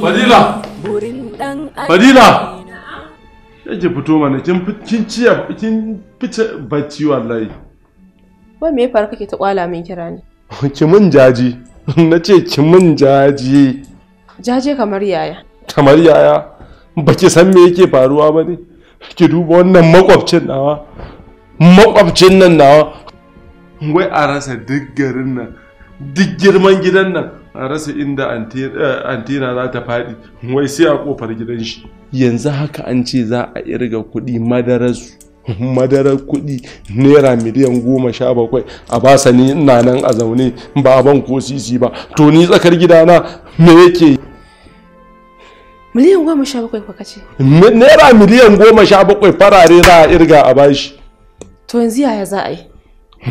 Fadila! Fadila! Yake fito mana kin kin ciya kin fice bacci wallahi. Wai me fara kake ta kwala min kira ne? Ki mun jaji. Na ce ki mun jaji. Jaje kamar yaya. Kamar yaya. ki san me yake faruwa ba ne? Ki duba wannan makwabcin nawa. Makwabcin nan nawa. Wai a rasa duk garin nan. Duk girman gidan nan. a rasa inda eh, antina za ta faɗi wai sai a kofar gidan shi yanzu haka an ce za a irga kuɗi madararsu madarar kuɗi naira miliyan goma sha bakwai a basa ni ina nan a zaune ba a ban ko sisi ba to ni tsakar gidana me yake miliyan goma sha bakwai kwa ce naira miliyan goma sha bakwai farare za a irga a bashi to yanzu yaya za a yi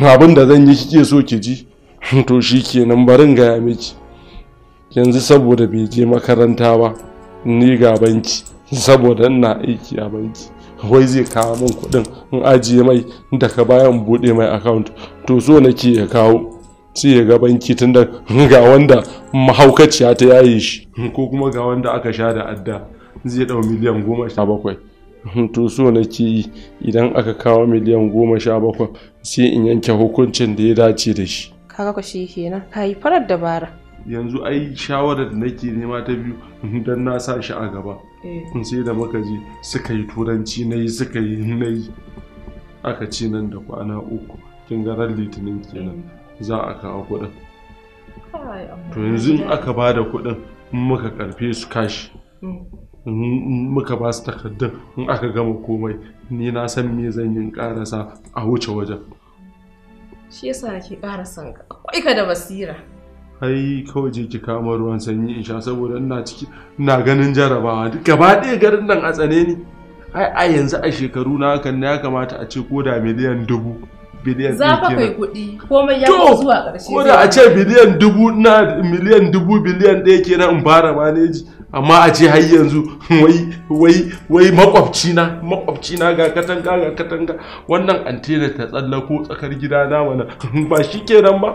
abin da zan yi kike so ki ji to shi kenan barin gaya miki yanzu saboda bai je makaranta ba ni ga banki saboda ina aiki a banki wai zai kawo min kuɗin in ajiye mai daga bayan buɗe mai account to so nake ya kawo sai ya ga banki tunda ga wanda mahaukaciya ta yaye shi ko kuma ga wanda aka sha da adda zai ɗau miliyan goma sha bakwai to so nake yi idan aka kawo miliyan goma sha bakwai sai in yanke hukuncin da ya dace da shi kaga ku shi kenan ka yi farar dabara yanzu ai shawarar da nake nema ta biyu don na sa shi a gaba eh. sai da muka je suka yi turanci na yi suka yi na yi aka ci nan da kwana uku kin ga ran litinin kenan eh. za a kawo kuɗin to yanzu in aka ba da kuɗin muka karfe su kashi mm. muka ba su takardun in aka gama komai ni na san me zan yi karasa a wuce wajen shi yasa nake ƙara son ka akwai ka da basira ai kawai je ki kama ruwan sanyi in sha saboda ina ciki ina ganin jarabawa gaba ɗaya garin nan a tsane ni ai a yanzu a shekaru na hakan ya kamata a ce koda miliyan dubu biliyan ɗaya kenan kai kuɗi komai ya zuwa ƙarshe koda a ce biliyan dubu na miliyan dubu biliyan ɗaya kenan in fara maneji amma a ce har yanzu wai wai wai makwabci na makwabci na ga katanga ga katanga wannan antena ta tsallako tsakar gida na mana ba shi kenan ba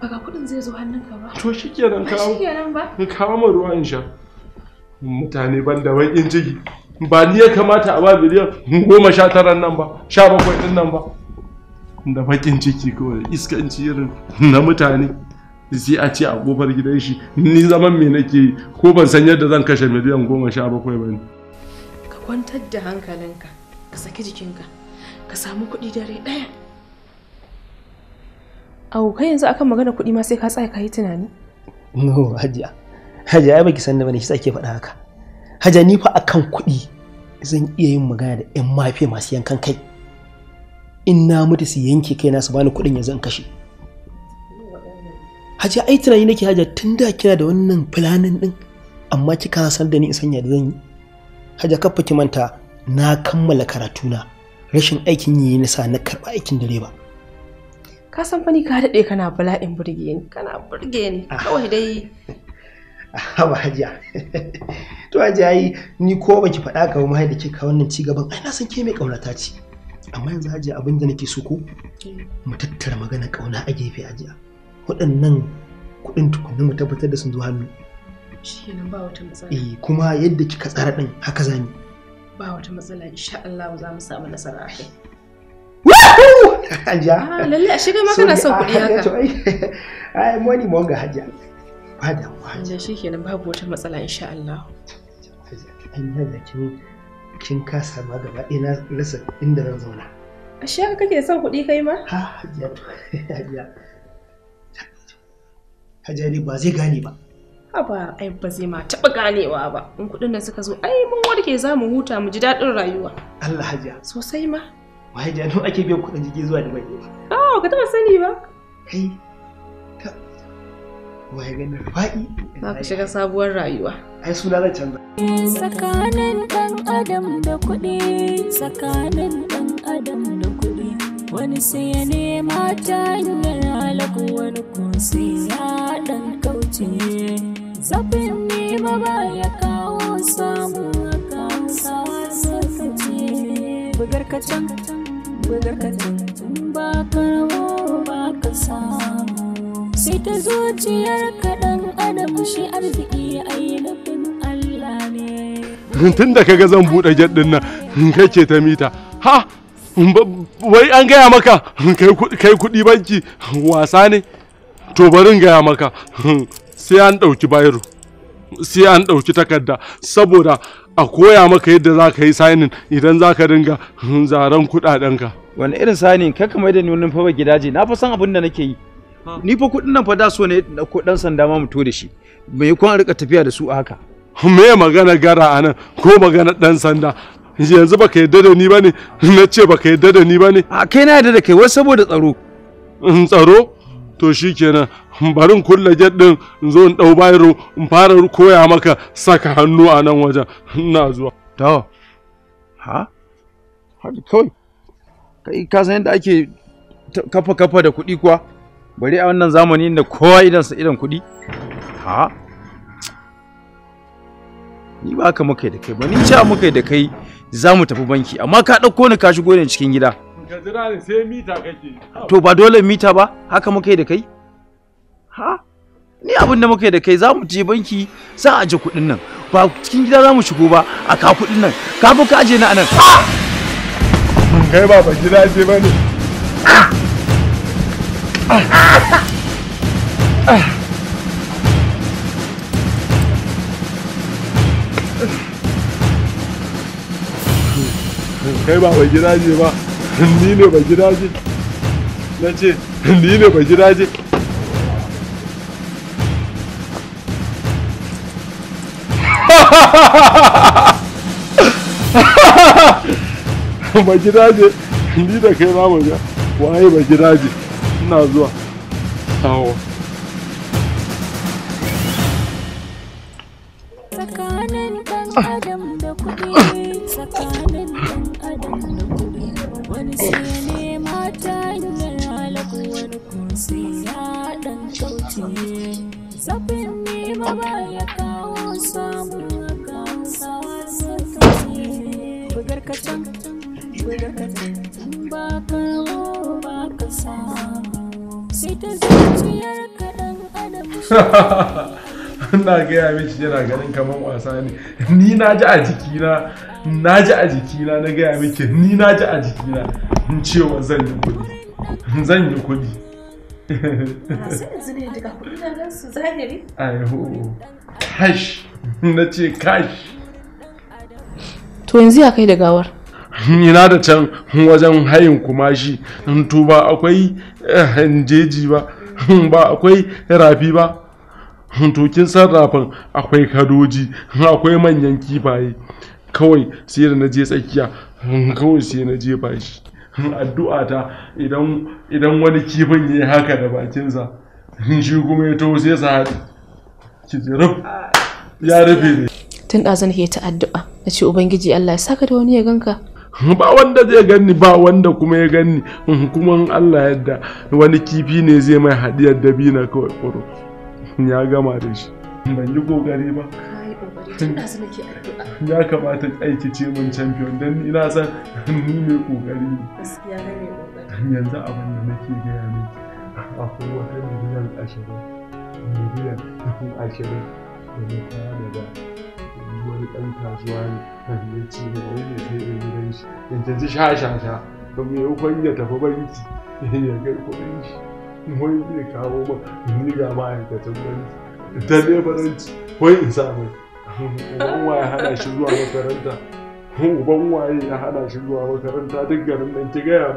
ba ga kuɗin zai zo hannunka ba to shikenan ka shikenan ba in kawo min ruwa in sha mutane ban da bakin ciki ba ni ya kamata a ba biliyan goma sha tara nan ba sha bakwai ɗin nan ba da bakin ciki kawai iskanci irin na mutane sai a ce a kofar gidan shi ni zaman me nake yi ko ban san yadda zan kashe miliyan goma sha bakwai ba ne ka kwantar da hankalinka ka saki jikinka ka samu kuɗi dare ɗaya Au, kai yanzu akan magana kuɗi ma sai ka tsaya ka yi tunani. No, Hajiya. Hajiya ai baki san da bane shi ke faɗa haka. Hajiya ni fa akan kuɗi zan iya yin magana da ƴan mafiya masu yankan kai. In na mutu su yanke kaina su bani kuɗin yanzu in kashe. Hajiya ai tunani nake Hajiya tun da kina da wannan filanin din amma kika san da ni in sanya da zan yi. Hajiya kafa ki manta na kammala karatuna rashin aikin yi nasa na karɓa aikin direba. ka san fani ka daɗe kana bala'in burge ni kana burge ni ah. kawai dai ba hajiya to hajiya yi ni ko baki faɗa ka ba da ke ka wannan ci gaban ai na san ke mai ƙaunata ce amma yanzu hajiya abin da nake so ko mu tattara magana ƙauna a gefe hajiya waɗannan kuɗin tukunna mu tabbatar da sun zo hannu shikenan ba wata matsala eh kuma yadda kika tsara din haka zamu ba wata matsala insha Allah za mu samu nasara a kai hajiya ah, lalle a shiga kana son kuɗi ah, haka ai moni monga hajiya ba da mu hajiya kenan babu wata matsala insha Allah an yi da kin kin kasa ma gaba ɗaya rasa inda zan zauna a shi kake son kuɗi kai ma ha hajiya hajiya hajiya ne ba zai gane ba ba ai ba zai ma taɓa ganewa ba in kuɗin nan suka zo ai mun warke za mu huta mu ji daɗin rayuwa Allah hajiya sosai ma Waye da nan ake biyan kuɗin jirgi zuwa Dubai. Oh, ka taɓa sani ba? Kai, ka, wai ganin fa'i. Za ka shiga sabuwar rayuwa. Ai suna zan canza. Tsakanin ɗan adam da kuɗi, tsakanin ɗan adam da kuɗi. Wani sai ya nema ta hanyar halaku wani ko ya ɗan kauce. Zafin nema ba ya kawo samu a kawo samu sarkace. Bugar kacan bugar ka ba ka rawo ba ka samu sai ta zuciyar adam shi arziki ai nufin Allah ne tun da kaga zan bude jaddin nan kake ta mita ha wai an gaya maka kai kuɗi banki wasa ne to bari barin gaya maka sai an ɗauki bayro sai an ɗauki takarda saboda a koya maka yadda za ka yi sainin idan za ka dinga zaren ka. wani irin sainin kai ka da ni wani fa gidaje na fa san abin da nake yi ni fa kuɗin nan fa da so ne na ko sanda ma to da shi me kun rika tafiya da su a haka me magana gara anan ko magana dan sanda yanzu baka yadda da ni bane na ce baka yadda da ni bane a kai na yadda da kai wai saboda tsaro tsaro to kenan, barin kulle jet din in zo in dau bayro in fara koya maka saka hannu a nan wajen ina zuwa to ha hadi kawai kai ka san yadda ake kafa kafa da kuɗi kuwa bari a wannan zamanin da kowa idan sa irin kuɗi ha ni ba ka muka da kai ba ni ce muka da kai za mu tafi banki amma ka ɗauko ni ka shigo ni cikin gida Ka To ba dole mita ba, haka muka da kai? Ha? Ni abin da muka da kai za mu je banki za a je kuɗin nan. Ba cikin gida za mu shigo ba a ka kuɗin nan. Ka fi ka aje ni anan. Kai ba ba gida je ba ne. Kai ba gida je ba. ni ne ba gidaje na ce ni ne ba gidaje ba gidaje ni da kai ma mu ga waye ba gidaje ina zuwa awo tsakanin dan ah. na gaya miki yana ganin kamar wasa ne ni na ji a jikina na ji a jikina na gaya miki ni na ji a jikina in cewa zan yi kuɗi zan yi kuɗi kash na ce kash to yanzu ya kai da gawar ina da can wajen hayin kumashi in eh, ba akwai jeji ba ba akwai rafi ba to san rafin akwai kadoji akwai manyan kifaye kawai sai da na je tsakiya kawai sai na je bashi addu'a ta idan wani kifin ya yi haka da bakinsa shi kuma ya taho sai sa haɗi ki ya rufe ne tun ɗazan ke ta addu'a na ce ubangiji allah ya saka da wani ya ganka ba wanda zai ganni ba wanda kuma ya ganni mm, kuma Allah yadda wani kifi ne zai mai hadiyar dabina kawai kuro ya gama da shi ban yi kokari ba ya kamata aiki ce mun champion don ina san ni mai kokari ne yanzu abin da nake gaya ne. akwai wata miliyan ashirin miliyan ashirin da na fara da wani ɗan kasuwa ne kari yi ci ne wani ya kai da gidan shi in ta ji sha sha sha me ya tafi banki ya kai kuɗin shi wani zai kawo ma in ni ga ma'aikatan banki ta baranci ko in sa mai uban waye hana shi zuwa makaranta uban waye ya hana shi zuwa makaranta duk garin nan ki gaya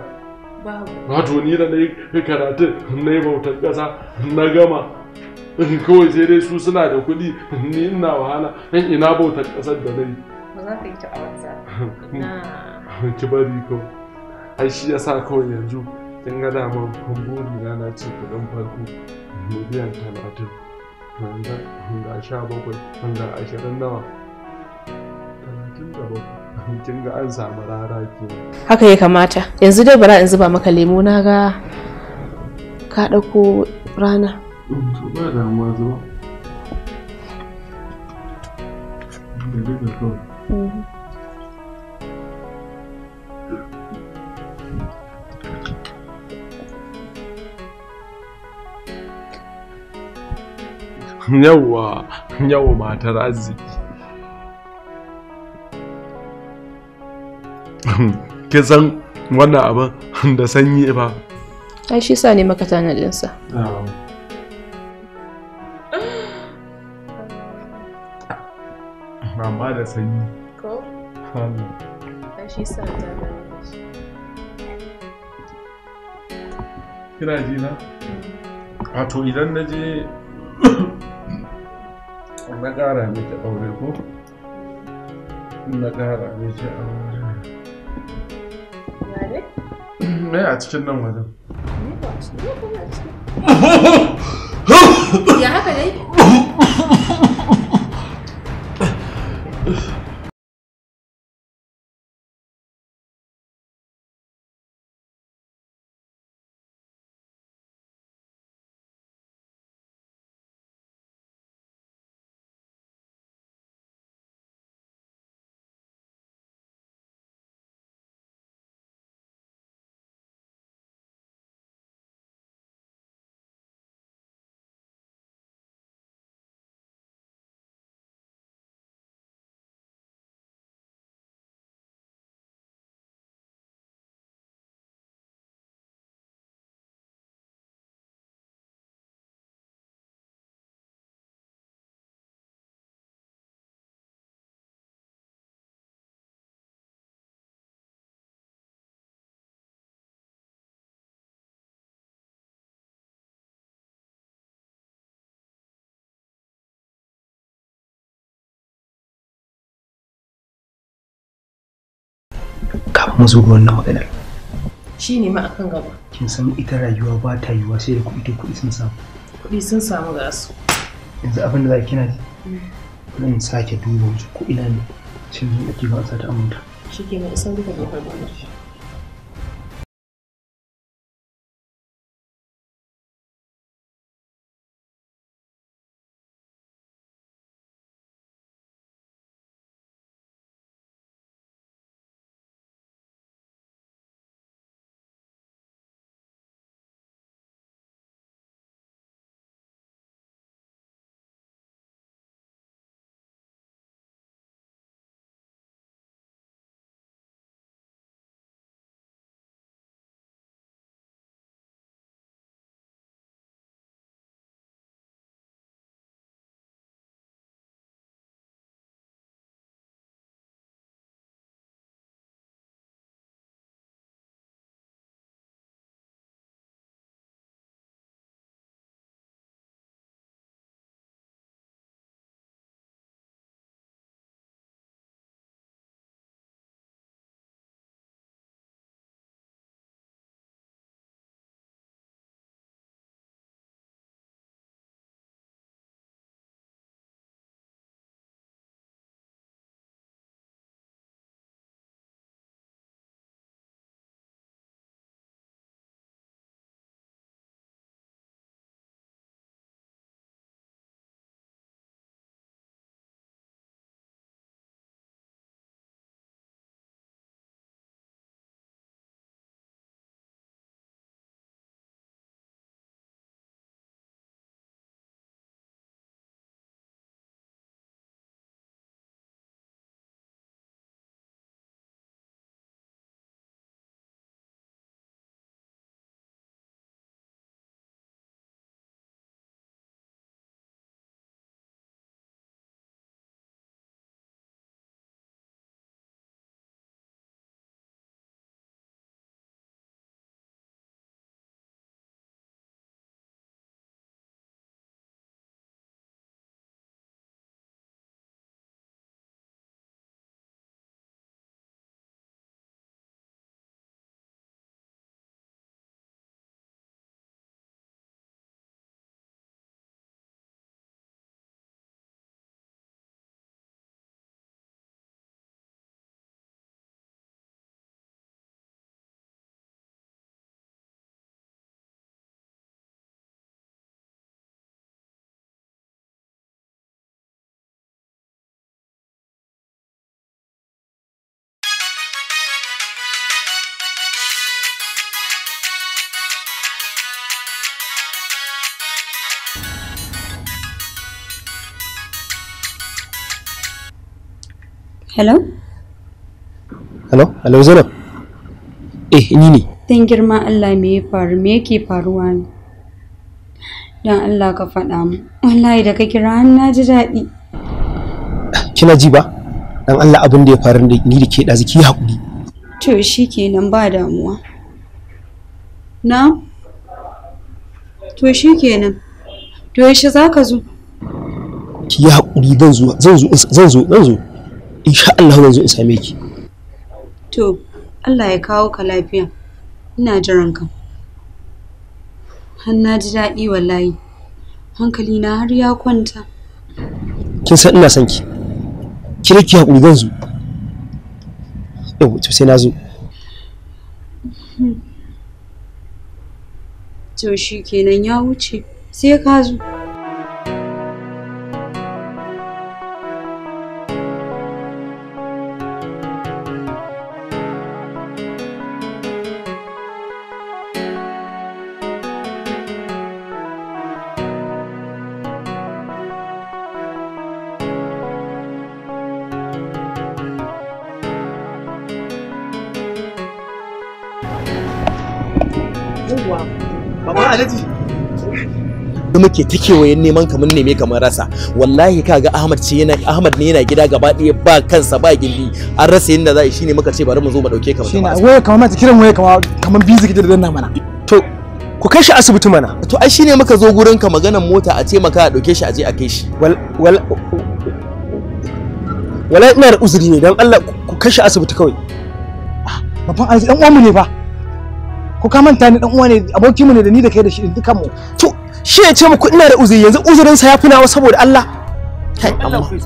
wato ni da na yi karatun na yi bautar ƙasa na gama kawai sai dai su suna da kuɗi ni ina wahala dan ina bautar ƙasar da nai. ba za ka yi ta a wanza ki bari ko ai shi yasa kawai yanzu kin ga dama kumburi na na ce kuɗin farko miliyan talatin Wanda hanga sha bakwai hanga ashirin nawa talatin da bakwai kin ga an samu rara ke haka ya kamata yanzu dai bara in zuba maka lemo na ga ka ɗauko rana to ba damuwa zuwa da duka mhm. san wannan abin da sanyi ba ai shi sa ne maka tanadinsa amma da sanyi ko Allah shi sa ta kina ji na mm. a to idan na je na ƙara miki aure ko mm. na ƙara miki aure me a cikin nan wajen ya haka dai mu zo wannan maganar shi ne ma akan gaba kin san ita rayuwa ba ta yiwa sai da kuɗi kuɗi sun samu kuɗi sun samu ga su yanzu abin da za kina ji mm. zan sake duba wasu ko ina ne sai mun ɗauki ba a sata aminta shi ke mai isan duka dokar shi. hello hello hello zainab eh ni ne dan girma Allah me ya faru me yake faruwa ne dan Allah ka faɗa mu wallahi da ka kira na ji daɗi kina ji ba dan Allah abin da ya faru da ni da ke ɗazu ki haƙuri to kenan ba damuwa na to kenan. to yaushe zaka zo ki yi haƙuri zan zo zan zo zan zo insha Allah zan zo in same ki to Allah ya kawo ka lafiya ina jiran ka har na ji daɗi wallahi hankali na har ya kwanta kin san ina son ki ki rike hakuri zan zo yau to sai na zo to shi kenan ya wuce sai ka zo kake ta kewayen neman ka mun neme kamar rasa wallahi kaga Ahmad ce yana Ahmad ne yana gida gaba ɗaya ba kansa ba gindi an rasa yadda za a yi shine muka ce bari mu zo mu dauke ka shine waya kamar mata kiran waya kamar kamar bizi kike da danna mana to ku kai shi asibiti mana to ai shine muka zo gurin ka maganar mota a ce maka a dauke shi a je a kai shi wal wal wala ina da uzuri ne dan Allah ku kai shi asibiti kawai ah, babban arziki dan mu ne ba. ko ka manta ni dan uwa ne abokin mu ne da ni da kai da shi dukkan mu to shi ya ce muku ina da uzuri yanzu uzurin sa ya fi nawa saboda Allah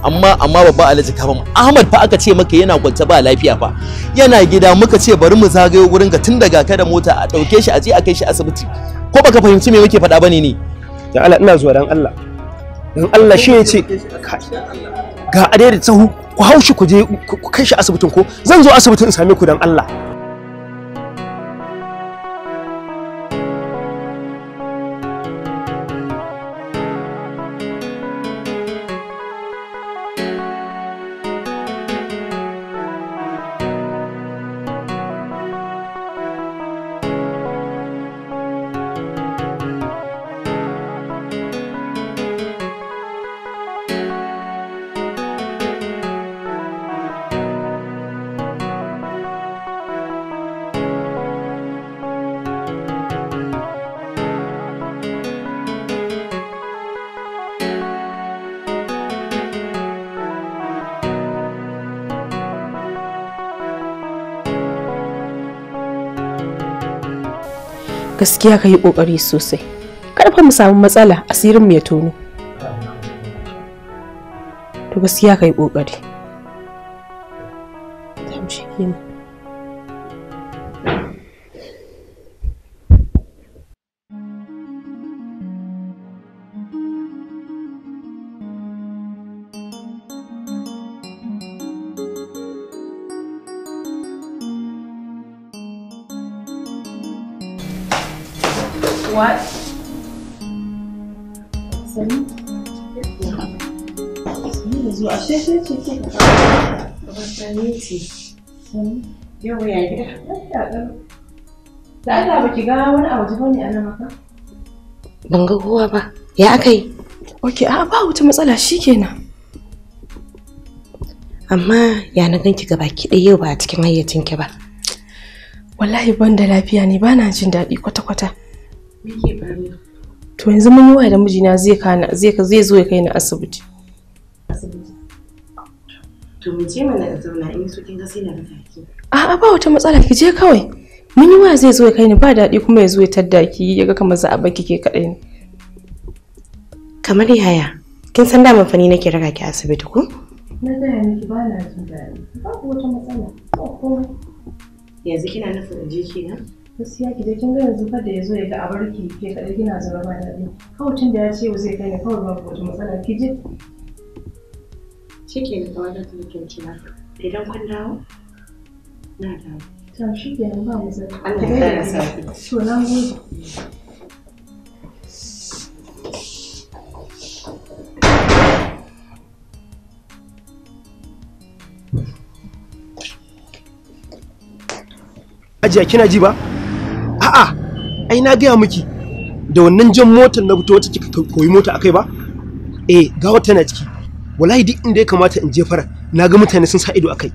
amma amma babba alhaji mu. Ahmad fa aka ce maka yana kwance ba lafiya fa yana gida muka ce bari mu zagayo gurin ka tun daga ka da mota a dauke shi a je a kai shi asibiti ko baka fahimci me muke faɗa bane ne dan Allah ina zuwa dan Allah dan Allah shi ya ce ga adai da tsahu ku haushi ku je ku kai shi asibitin ko zan zo asibitin in same ku dan Allah gaskiya ka yi ƙoƙari sosai fa mu samu matsala asirin mu ya tono to gaskiya ka yi ƙoƙari ce hmm? yau ya gida da Allah baki ga wani a waje bane a maka? ban ga kowa ba ya aka yi ok a ba wata matsala shikenan amma ya na ganki gaba ki ɗaya yau ba a cikin hayyacin ki ba wallahi ban da lafiya ne ba na jin daɗi kwata-kwata to yanzu mun yi wa da mijina zai zo ya kai ni asibiti asibiti To mu je zauna in so kin ga sai na raka A'a ba wata matsala ki je kawai. Mun yi waya zai zo ya kai ni ba daɗi kuma ya zo ya tadda ki ya ga kamar za a baki ke kaɗai ne. Kamar yaya? Kin san daman fa nake raka ki asibiti ko? Na gaya miki ba na jin daɗi. Babu wata matsala. Ba komai. Yanzu kina nufin in je kenan? Gaskiya ki je kin ga yanzu fa da ya zo ya ga a barki ke kaɗai kina zama ba daɗi. Kawai tun da ya ce zai kai ni kawai babu wata matsala ki je. shi da tawagar da nake cewa idan kun dawo na dawo to shi ke nan ba mu zai Allah ya kara sauki to na gode Ajiya kina ji ba? A'a, ai na gaya miki da wannan jan motar na fito wacce kika koyi mota akai ba? Eh, ga wata na ciki. wallahi duk inda ya kamata in jefar na ga mutane sun sa ido akai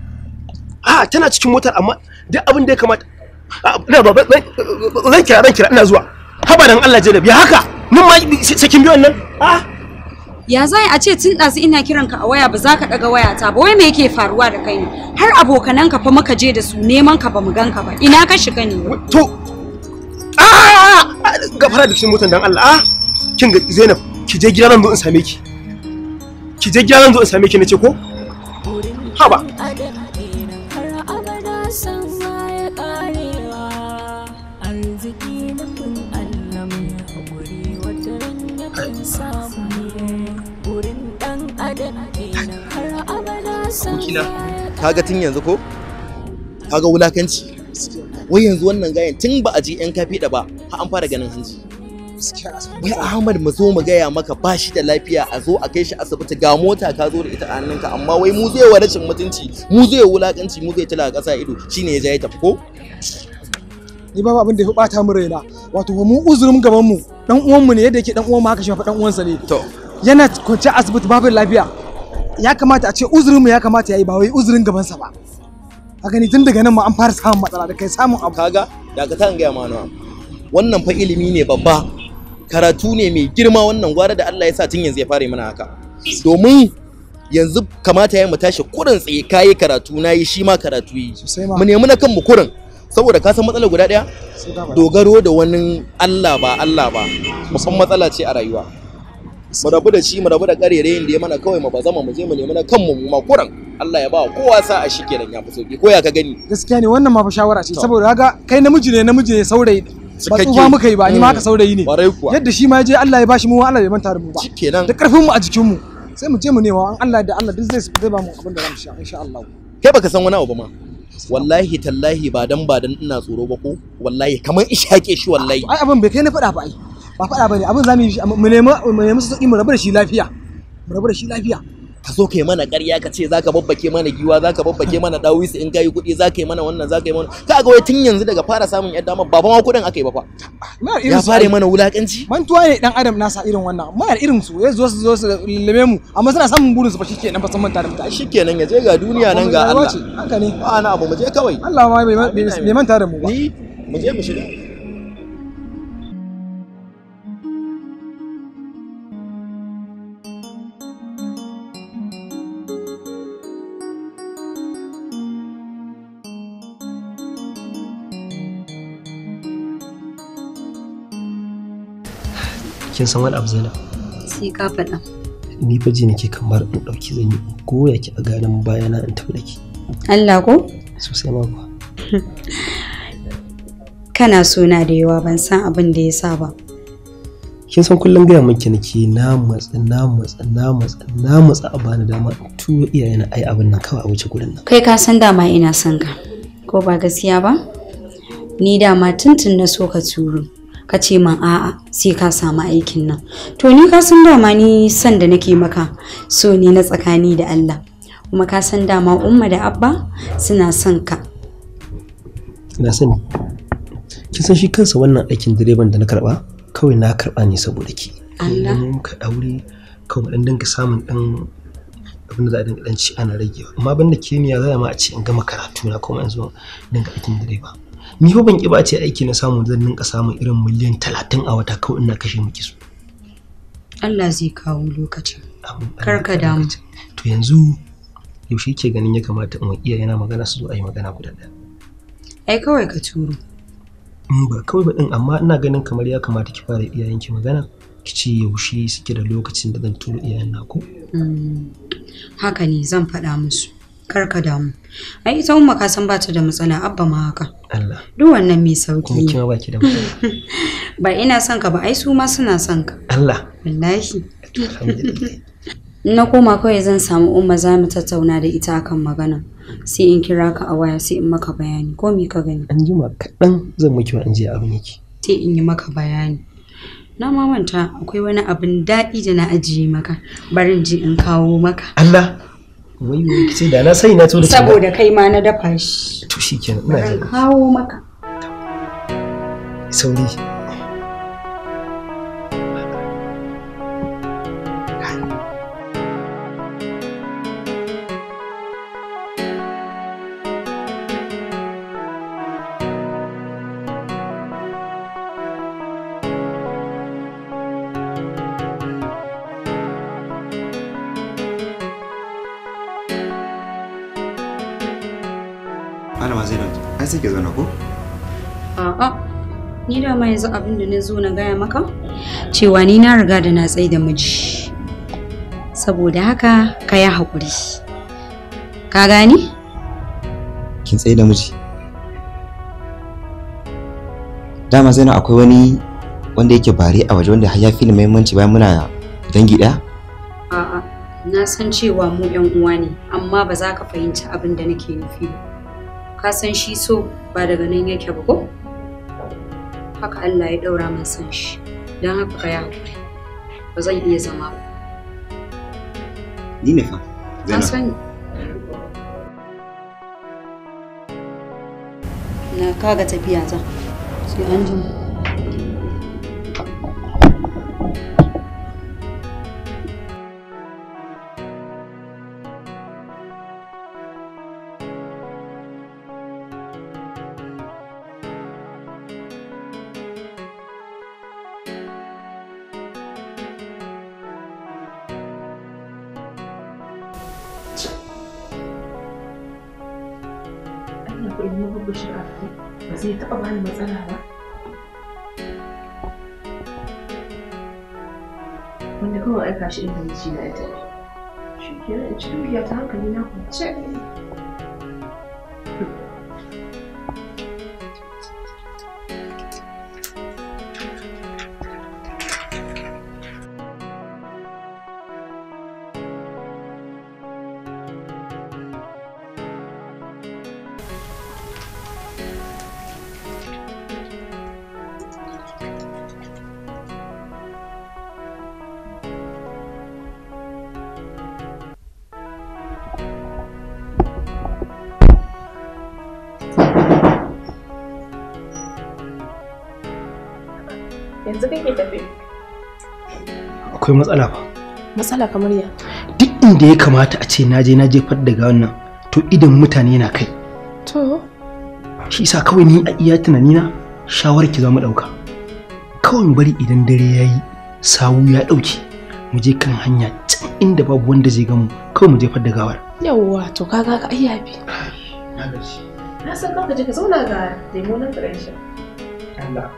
a tana cikin motar amma duk abin da ya kamata ina ba zan kira zan kira ina zuwa haba dan Allah jadab ya haka mun ma sakin biyon nan a ya zai a ce tun ɗazu ina kiran ka a waya ba za ka ɗaga waya ta ba wai me yake faruwa da kai ne har abokanan ka fa muka je da su neman ka ba mu gan ka ba ina ka shiga ne to a gafara da cikin motar dan Allah a kin ga Zainab ki je gidan nan zo in same ki ki je gyaran zo in same ki nace ko haba abokina kaga tun yanzu ko kaga wulakanci wai yanzu wannan gayan tun ba a ji yan kafi da ba har an fara ganin hanji wai ahmad mu zo mu gaya maka ba shi da lafiya a zo a kai shi asibiti ga mota ka zo da ita a hannunka amma wai mu zai wa rashin mutunci mu zai wulakanci mu zai tila ƙasa ido shine ya ja ya tafi ko ni babu abin da ya bata mu raina wato mu uzurin gaban mu dan uwan mu ne yadda yake dan uwan mu haka shafa dan uwansa ne to yana kwance asibiti babu lafiya ya kamata a ce uzurin mu ya kamata yayi ba wai uzurin gabansa ba haka ni tun daga nan ma an fara samun matsala da kai samun abu kaga daga ta gaya ma wannan fa ilimi ne babba karatu ne mai girma wannan gwara da Allah ya sa tun yanzu ya fara mana haka domin yanzu kamata ya mu tashi kurin tsaye kayi karatu na yi shi ma karatu yi mu nemi na kanmu kurin saboda ka san matsalar guda daya dogaro da wani Allah ba Allah ba musan matsala ce a rayuwa mu rabu da shi mu rabu da karerayin da ya mana kawai mu zama mu je mu nemi na kanmu mu ma kurin. Allah ya ba kowa sa a shi kenan ya fi sauki ko ya ka gani gaskiya ne wannan ma fa shawara ce saboda kaga kai namiji ne namiji ne saurayi ba tsufa muka yi ba ni ma haka eh, saurayi ne yadda shi ma ya je Allah ya bashi mu Allah bai manta da mu ba da karfin mu a jikin mu sai mu je mu nema an Allah da Allah duk zai zai ba mu abin da zamu sha insha Allah kai baka san wani abu ba ma wallahi tallahi ba dan ba dan ina tsoro ba ko wallahi kamar ishake shi wallahi ai abin bai kai na faɗa ba ai ba faɗa bane abin zamu yi mu nemi mu nemi su mu rabu da shi lafiya mu rabu da shi lafiya ka zo kai mana ƙarya ka ce zaka babbake mana giwa zaka babbake mana dawisi in kai kuɗi zaka yi mana wannan zaka yi mana ka ga wai tun yanzu daga fara samun yadda ma ba ma kuɗin aka yi ba fa ya fare mana wulakanci tuwa ne dan adam nasa irin wannan ma irin su ya zo su zo su lalle mu amma suna samun burin su fa nan ba san manta da mutane shikenan ya je ga duniya nan ga Allah haka ne ba na abu mu je kawai Allah ma bai manta da mu ba ni mu je mu shiga kin san wani abu zana sai ka faɗa ni fa ji nake kamar in ɗauki zan yi goya ki a ganin bayana in tafi da ki Allah ko sosai ma kuwa kana suna da yawa ban san abin da ya sa ba kin san kullum gaya miki nake na matsa na matsa na matsa na matsa a bani dama in iyaye na ai abin nan kawai a wuce gurin nan kai ka san dama ina son ka ko ba gaskiya ba ni dama tuntun na so ka turo ka ce min a'a sai ka samu aikin nan to ni ka san dama ni san da nake maka so ne na tsakani da Allah kuma ka san dama umma da abba suna son ka na sani kin san shi kansa wannan aikin direban da na karba kawai na karba ne saboda ki Allah ka daure kawai dan dinka samun dan abin da za a dinga dan ci ana ragewa amma banda kimiyya za ma a ce in gama karatu na kuma yanzu dinga aikin direba ni fa ban ki ba ce aiki na samu zan ninka samun irin miliyan talatin a wata kawai ina kashe miki su Allah zai kawo lokacin kar ka damu to yanzu yaushe ke ganin ya kamata in iya yana magana su zo a yi magana guda ɗaya ai kawai ka turo in mm, ba kawai ba din amma ina ganin kamar ya kamata ki fara iyayen ki magana ki ce yaushe suke da lokacin da zan turo iyayen naku mm. haka ne zan faɗa musu kar ka damu ai ita umma ka san bata da matsala abba ma haka Allah duk wannan mai sauki ne baki da ba ina son ka ba ai su ma suna son ka Allah wallahi na koma kawai zan samu umma za mu tattauna da ita akan magana sai in kira ka a waya sai in maka bayani ko me ka gani an jima kaɗan zan miki wa in je abin yake sai in yi maka bayani na ma manta akwai wani abin daɗi da na ajiye maka barin ji in kawo maka Allah wai wai kice da na sai na to saboda kai ma na dafa shi to shikenan ina kawo maka sauri Ni da ma yanzu abin da na zo na gaya maka? Cewa ni na riga da na tsaye da miji. Saboda haka ka yi haƙuri. Ka gani? Kin tsaye da miji. Dama Zainab akwai wani wanda yake bare a waje wanda har ya fi muhimmanci bayan muna dangi ɗaya? A'a, na san cewa mu 'yan uwa ne, amma ba za ka fahimci abin da nake nufi ba. Ka san shi so ba daga nan yake ba ko? haka Allah ya ɗaura min san shi don haka ka yi haƙuri ba zan iya zama ba ni ne fa na sani na kaga tafiya ta sai an jima wanda kawai aika shi inda na ya tafi shi kenan ta hankali na kwance akwai matsala ba matsala kamar ya duk inda ya kamata a ce naje naje jefar daga wannan to idan mutane na kai to shi sa kawai ni a iya tunani na shawar ki za mu dauka kawai mu bari idan dare yayi sawu ya ɗauke mu je kan hanya can inda babu wanda zai gamu kawai mu je jefar da gawar yawwa to kaga ka ai bi na san ka je ka zauna ga lemonan ƙarshen Allah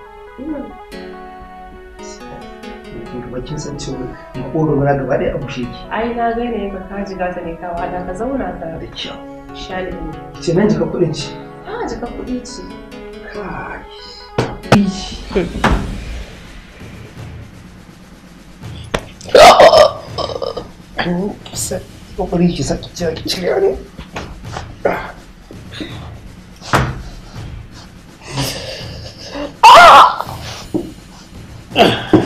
ki kamar kin san cewa makogaro na gaba ɗaya a bushe ki ai na gane ba ka ka jiga ta ne kawo da ka zauna ta da kyau shali ne ce nan jika kuɗin ci. Ha jika kuɗi ci. kai kokari ki saki cire ki cire ne Ugh. Ah!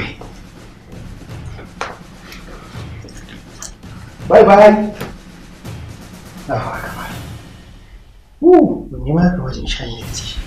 以。拜拜，那好，拜拜。呜，你白给我介绍的。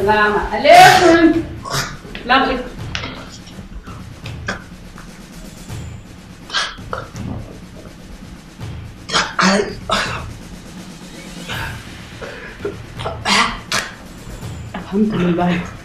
السلام عليكم لا عليكم الحمد لله